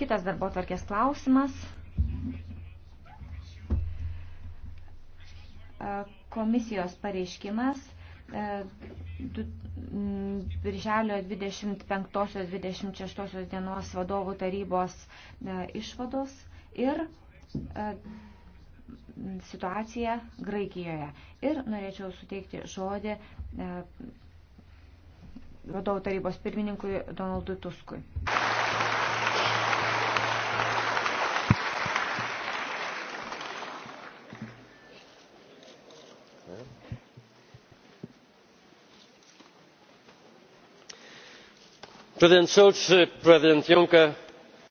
Kitas darbo tvarkės klausimas. E, komisijos pareiškimas e, Birželio 25-26 dienos vadovų tarybos e, išvados ir situacija Graikijoje. Ir norėčiau suteikti žodį vadovų tarybos pirmininkui Donaldui Tuskui. President Schulz, President Juncker,